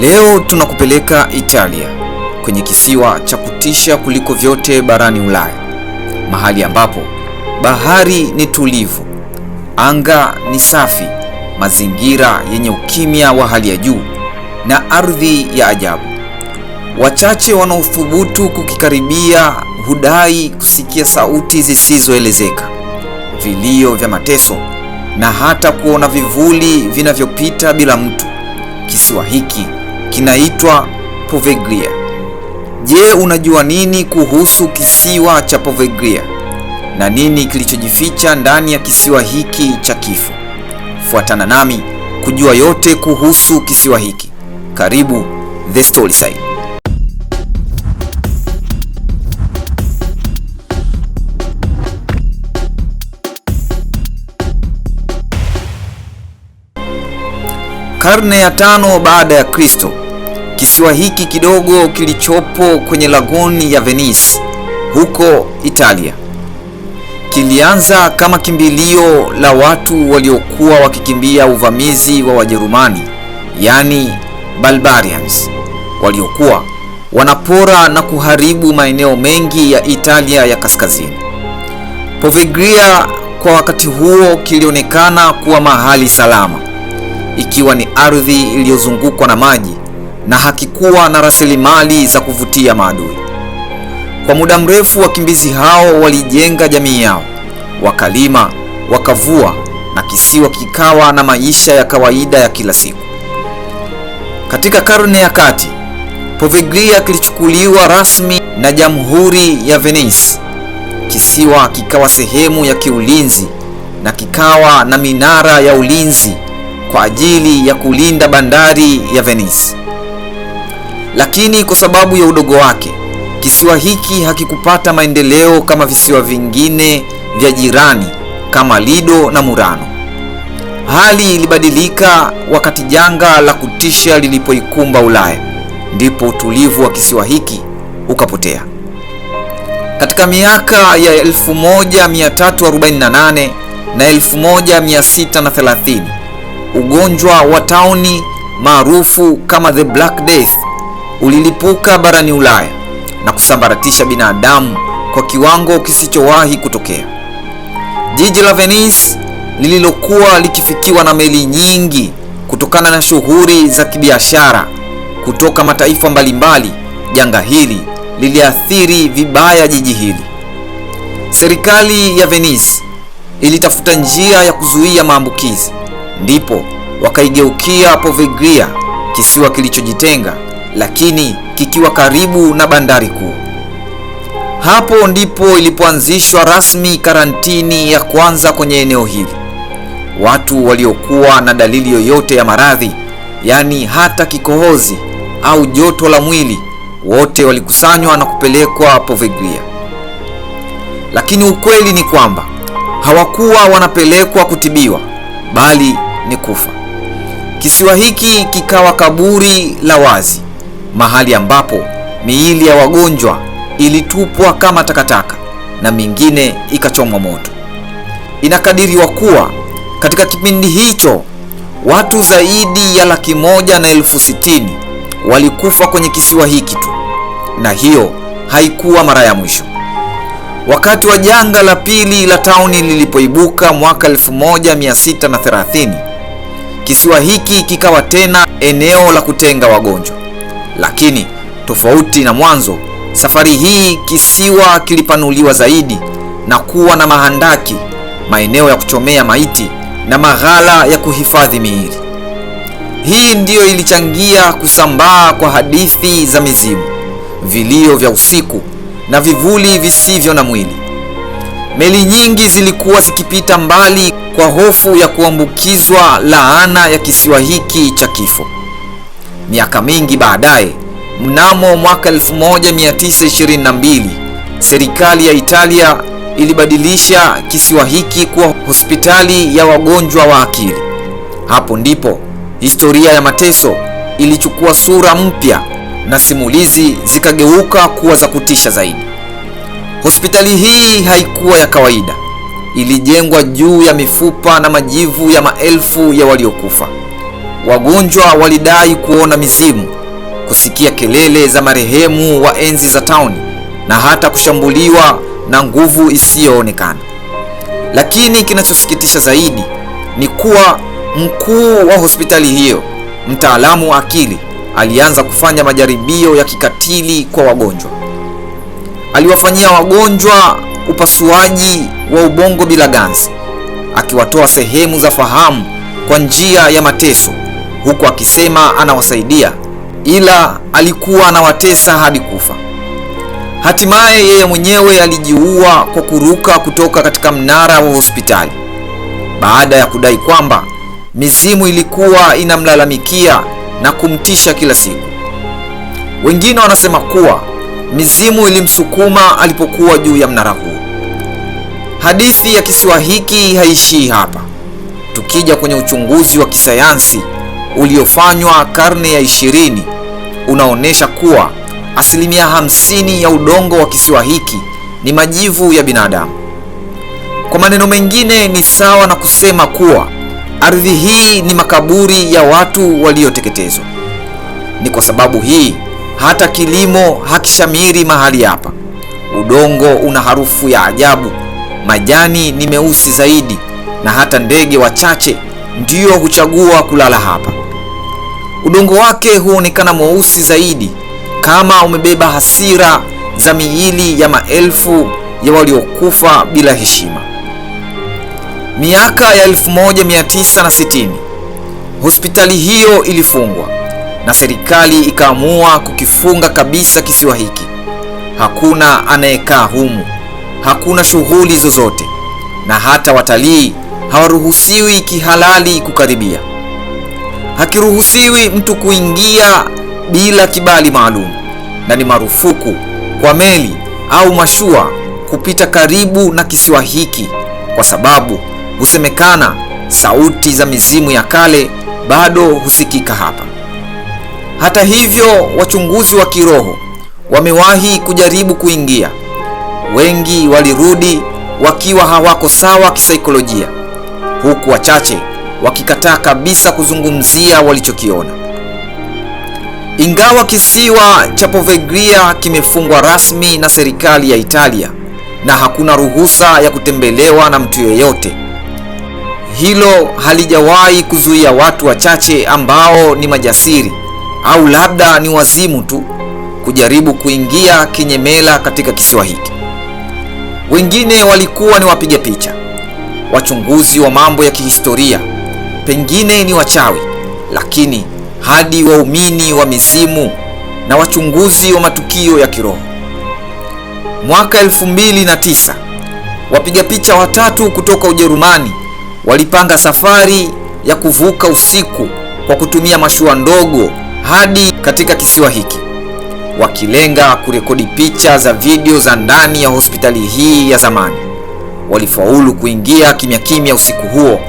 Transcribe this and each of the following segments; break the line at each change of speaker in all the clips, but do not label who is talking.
Leo tunakupeleka Italia, kwenye kisiwa cha kutisha kuliko vyote barani Ulaya, mahali ambapo bahari ni tulivu, anga ni safi, mazingira yenye ukimya wa hali ya juu na ardhi ya ajabu. Wachache wanaothubutu kukikaribia hudai kusikia sauti zisizoelezeka, vilio vya mateso na hata kuona vivuli vinavyopita bila mtu. Kisiwa hiki kinaitwa Poveglia. Je, unajua nini kuhusu kisiwa cha Poveglia na nini kilichojificha ndani ya kisiwa hiki cha kifo? Fuatana nami kujua yote kuhusu kisiwa hiki. Karibu The Story Side. Karne ya tano baada ya Kristo Kisiwa hiki kidogo kilichopo kwenye laguni ya Venice huko Italia kilianza kama kimbilio la watu waliokuwa wakikimbia uvamizi wa Wajerumani, yaani barbarians, waliokuwa wanapora na kuharibu maeneo mengi ya Italia ya kaskazini. povegria kwa wakati huo kilionekana kuwa mahali salama, ikiwa ni ardhi iliyozungukwa na maji na hakikuwa na rasilimali za kuvutia maadui. Kwa muda mrefu wakimbizi hao walijenga jamii yao, wakalima, wakavua na kisiwa kikawa na maisha ya kawaida ya kila siku. Katika karne ya kati, Poveglia kilichukuliwa rasmi na Jamhuri ya Venice. Kisiwa kikawa sehemu ya kiulinzi na kikawa na minara ya ulinzi kwa ajili ya kulinda bandari ya Venice lakini kwa sababu ya udogo wake kisiwa hiki hakikupata maendeleo kama visiwa vingine vya jirani kama Lido na Murano. Hali ilibadilika wakati janga la kutisha lilipoikumba Ulaya, ndipo utulivu wa kisiwa hiki ukapotea. Katika miaka ya 1348 na 1630 ugonjwa wa tauni maarufu kama the Black Death ulilipuka barani Ulaya na kusambaratisha binadamu kwa kiwango kisichowahi kutokea. Jiji la Venice lililokuwa likifikiwa na meli nyingi kutokana na shughuli za kibiashara kutoka mataifa mbalimbali, janga hili liliathiri vibaya jiji hili. Serikali ya Venice ilitafuta njia ya kuzuia maambukizi, ndipo wakaigeukia Poveglia, kisiwa kilichojitenga lakini kikiwa karibu na bandari kuu. Hapo ndipo ilipoanzishwa rasmi karantini ya kwanza kwenye eneo hili. Watu waliokuwa na dalili yoyote ya maradhi, yaani hata kikohozi au joto la mwili, wote walikusanywa na kupelekwa Poveglia. Lakini ukweli ni kwamba hawakuwa wanapelekwa kutibiwa, bali ni kufa. Kisiwa hiki kikawa kaburi la wazi mahali ambapo miili ya wagonjwa ilitupwa kama takataka na mingine ikachomwa moto. Inakadiriwa kuwa katika kipindi hicho watu zaidi ya laki moja na elfu sitini walikufa kwenye kisiwa hiki tu, na hiyo haikuwa mara ya mwisho. Wakati wa janga la pili la tauni lilipoibuka mwaka 1630, kisiwa hiki kikawa tena eneo la kutenga wagonjwa. Lakini tofauti na mwanzo, safari hii kisiwa kilipanuliwa zaidi na kuwa na mahandaki, maeneo ya kuchomea maiti na maghala ya kuhifadhi miili. Hii ndiyo ilichangia kusambaa kwa hadithi za mizimu, vilio vya usiku na vivuli visivyo na mwili. Meli nyingi zilikuwa zikipita mbali kwa hofu ya kuambukizwa laana ya kisiwa hiki cha kifo. Miaka mingi baadaye, mnamo mwaka 1922 serikali ya Italia ilibadilisha kisiwa hiki kuwa hospitali ya wagonjwa wa akili. Hapo ndipo historia ya mateso ilichukua sura mpya na simulizi zikageuka kuwa za kutisha zaidi. Hospitali hii haikuwa ya kawaida. Ilijengwa juu ya mifupa na majivu ya maelfu ya waliokufa. Wagonjwa walidai kuona mizimu, kusikia kelele za marehemu wa enzi za tauni na hata kushambuliwa na nguvu isiyoonekana. Lakini kinachosikitisha zaidi ni kuwa mkuu wa hospitali hiyo, mtaalamu wa akili, alianza kufanya majaribio ya kikatili kwa wagonjwa. Aliwafanyia wagonjwa upasuaji wa ubongo bila ganzi, akiwatoa sehemu za fahamu kwa njia ya mateso huku akisema anawasaidia, ila alikuwa anawatesa hadi kufa. Hatimaye yeye mwenyewe alijiua kwa kuruka kutoka katika mnara wa hospitali baada ya kudai kwamba mizimu ilikuwa inamlalamikia na kumtisha kila siku. Wengine wanasema kuwa mizimu ilimsukuma alipokuwa juu ya mnara huo. Hadithi ya kisiwa hiki haishii hapa. Tukija kwenye uchunguzi wa kisayansi uliofanywa karne ya ishirini unaonyesha kuwa asilimia hamsini ya udongo wa kisiwa hiki ni majivu ya binadamu. Kwa maneno mengine, ni sawa na kusema kuwa ardhi hii ni makaburi ya watu walioteketezwa. Ni kwa sababu hii hata kilimo hakishamiri mahali hapa. Udongo una harufu ya ajabu, majani ni meusi zaidi, na hata ndege wachache ndiyo huchagua kulala hapa. Udongo wake huonekana mweusi zaidi, kama umebeba hasira za miili ya maelfu ya waliokufa bila heshima. Miaka ya 1960 hospitali hiyo ilifungwa na serikali ikaamua kukifunga kabisa kisiwa hiki. Hakuna anayekaa humu, hakuna shughuli zozote, na hata watalii hawaruhusiwi kihalali kukaribia. Hakiruhusiwi mtu kuingia bila kibali maalum, na ni marufuku kwa meli au mashua kupita karibu na kisiwa hiki, kwa sababu husemekana sauti za mizimu ya kale bado husikika hapa. Hata hivyo, wachunguzi wa kiroho wamewahi kujaribu kuingia, wengi walirudi wakiwa hawako sawa kisaikolojia huku wachache wakikataa kabisa kuzungumzia walichokiona. Ingawa kisiwa cha Poveglia kimefungwa rasmi na serikali ya Italia na hakuna ruhusa ya kutembelewa na mtu yeyote, hilo halijawahi kuzuia watu wachache ambao ni majasiri au labda ni wazimu tu kujaribu kuingia kinyemela katika kisiwa hiki. Wengine walikuwa ni wapiga picha wachunguzi wa mambo ya kihistoria pengine ni wachawi, lakini hadi waumini wa mizimu na wachunguzi wa matukio ya kiroho. Mwaka 2009 wapiga picha watatu kutoka Ujerumani walipanga safari ya kuvuka usiku kwa kutumia mashua ndogo hadi katika kisiwa hiki, wakilenga kurekodi picha za video za ndani ya hospitali hii ya zamani walifaulu kuingia kimya kimya usiku huo,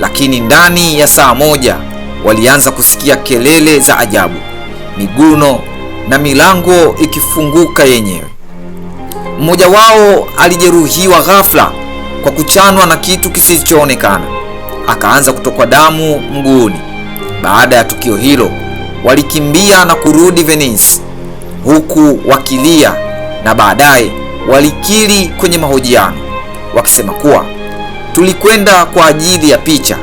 lakini ndani ya saa moja walianza kusikia kelele za ajabu, miguno na milango ikifunguka yenyewe. Mmoja wao alijeruhiwa ghafla kwa kuchanwa na kitu kisichoonekana, akaanza kutokwa damu mguuni. Baada ya tukio hilo, walikimbia na kurudi Venice huku wakilia na baadaye walikiri kwenye mahojiano wakisema kuwa tulikwenda kwa ajili ya picha,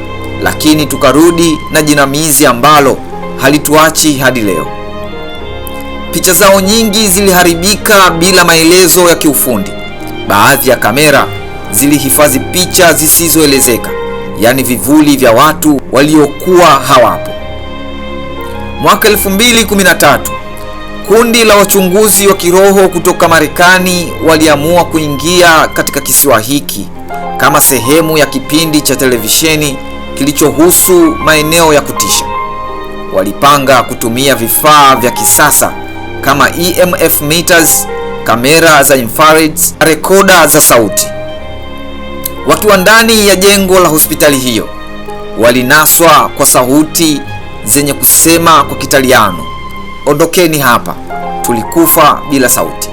lakini tukarudi na jinamizi ambalo halituachi hadi leo. Picha zao nyingi ziliharibika bila maelezo ya kiufundi. Baadhi ya kamera zilihifadhi picha zisizoelezeka, yaani vivuli vya watu waliokuwa hawapo. Mwaka 2013 Kundi la wachunguzi wa kiroho kutoka Marekani waliamua kuingia katika kisiwa hiki kama sehemu ya kipindi cha televisheni kilichohusu maeneo ya kutisha. Walipanga kutumia vifaa vya kisasa kama EMF meters, kamera za infrared, rekoda za sauti. Wakiwa ndani ya jengo la hospitali hiyo, walinaswa kwa sauti zenye kusema kwa Kitaliano ondokeni hapa, tulikufa bila sauti.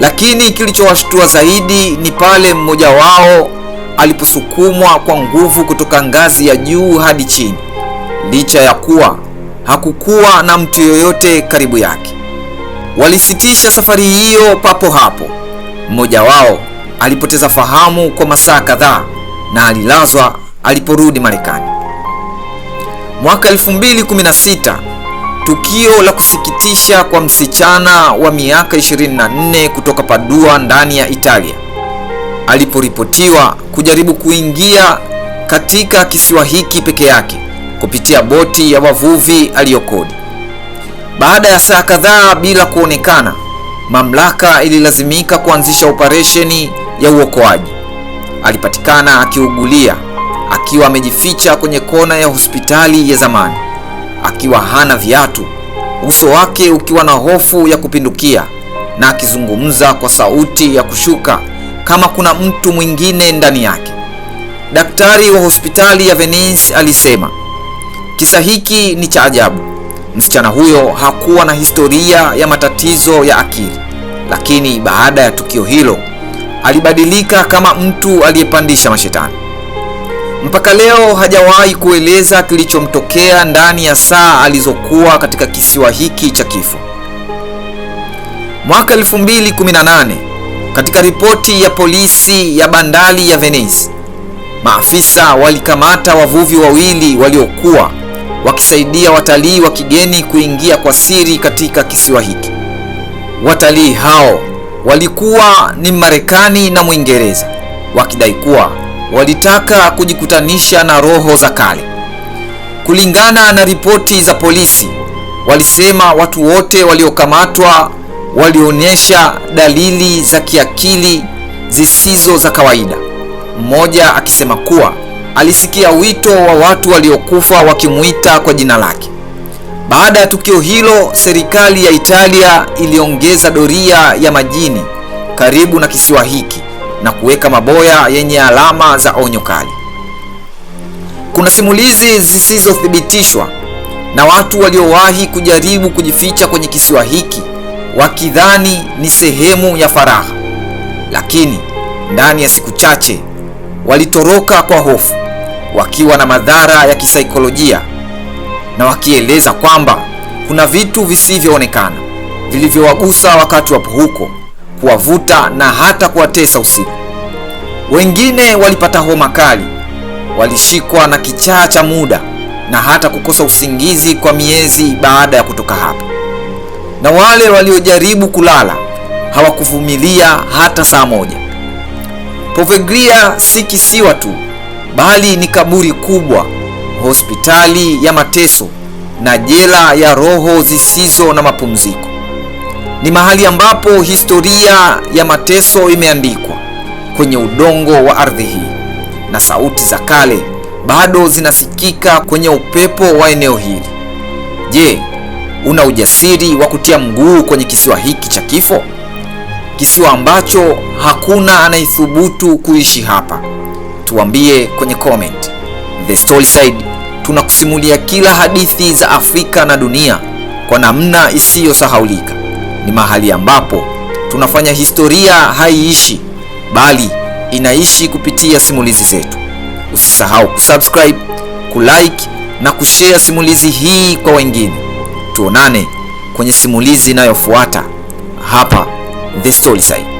Lakini kilichowashtua zaidi ni pale mmoja wao aliposukumwa kwa nguvu kutoka ngazi ya juu hadi chini, licha ya kuwa hakukuwa na mtu yoyote karibu yake. Walisitisha safari hiyo papo hapo. Mmoja wao alipoteza fahamu kwa masaa kadhaa na alilazwa aliporudi Marekani mwaka Tukio la kusikitisha kwa msichana wa miaka 24 kutoka Padua ndani ya Italia aliporipotiwa kujaribu kuingia katika kisiwa hiki peke yake kupitia boti ya wavuvi aliyokodi. Baada ya saa kadhaa bila kuonekana, mamlaka ililazimika kuanzisha operesheni ya uokoaji. Alipatikana akiugulia akiwa amejificha kwenye kona ya hospitali ya zamani akiwa hana viatu, uso wake ukiwa na hofu ya kupindukia, na akizungumza kwa sauti ya kushuka kama kuna mtu mwingine ndani yake. Daktari wa hospitali ya Venice alisema, kisa hiki ni cha ajabu. Msichana huyo hakuwa na historia ya matatizo ya akili, lakini baada ya tukio hilo alibadilika kama mtu aliyepandisha mashetani. Mpaka leo hajawahi kueleza kilichomtokea ndani ya saa alizokuwa katika kisiwa hiki cha kifo. Mwaka 2018, katika ripoti ya polisi ya bandari ya Venice, maafisa walikamata wavuvi wawili waliokuwa wakisaidia watalii wa kigeni kuingia kwa siri katika kisiwa hiki. Watalii hao walikuwa ni Marekani na Mwingereza wakidai kuwa walitaka kujikutanisha na roho za kale. Kulingana na ripoti za polisi, walisema watu wote waliokamatwa walionyesha dalili za kiakili zisizo za kawaida, mmoja akisema kuwa alisikia wito wa watu waliokufa wakimuita kwa jina lake. Baada ya tukio hilo, serikali ya Italia iliongeza doria ya majini karibu na kisiwa hiki na kuweka maboya yenye alama za onyo kali. Kuna simulizi zisizothibitishwa na watu waliowahi kujaribu kujificha kwenye kisiwa hiki wakidhani ni sehemu ya faraha, lakini ndani ya siku chache walitoroka kwa hofu, wakiwa na madhara ya kisaikolojia na wakieleza kwamba kuna vitu visivyoonekana vilivyowagusa wakati wapo huko kuwavuta na hata kuwatesa usiku. Wengine walipata homa kali, walishikwa na kichaa cha muda na hata kukosa usingizi kwa miezi baada ya kutoka hapo. Na wale waliojaribu kulala hawakuvumilia hata saa moja. povegria si kisiwa tu, bali ni kaburi kubwa, hospitali ya mateso na jela ya roho zisizo na mapumziko. Ni mahali ambapo historia ya mateso imeandikwa kwenye udongo wa ardhi hii, na sauti za kale bado zinasikika kwenye upepo wa eneo hili. Je, una ujasiri wa kutia mguu kwenye kisiwa hiki cha kifo? Kisiwa ambacho hakuna anayethubutu kuishi hapa. Tuambie kwenye comment. The Storyside tunakusimulia kila hadithi za Afrika na dunia kwa namna isiyosahaulika ni mahali ambapo tunafanya historia haiishi, bali inaishi kupitia simulizi zetu. Usisahau kusubscribe, kulike na kushare simulizi hii kwa wengine. Tuonane kwenye simulizi inayofuata hapa The Storyside.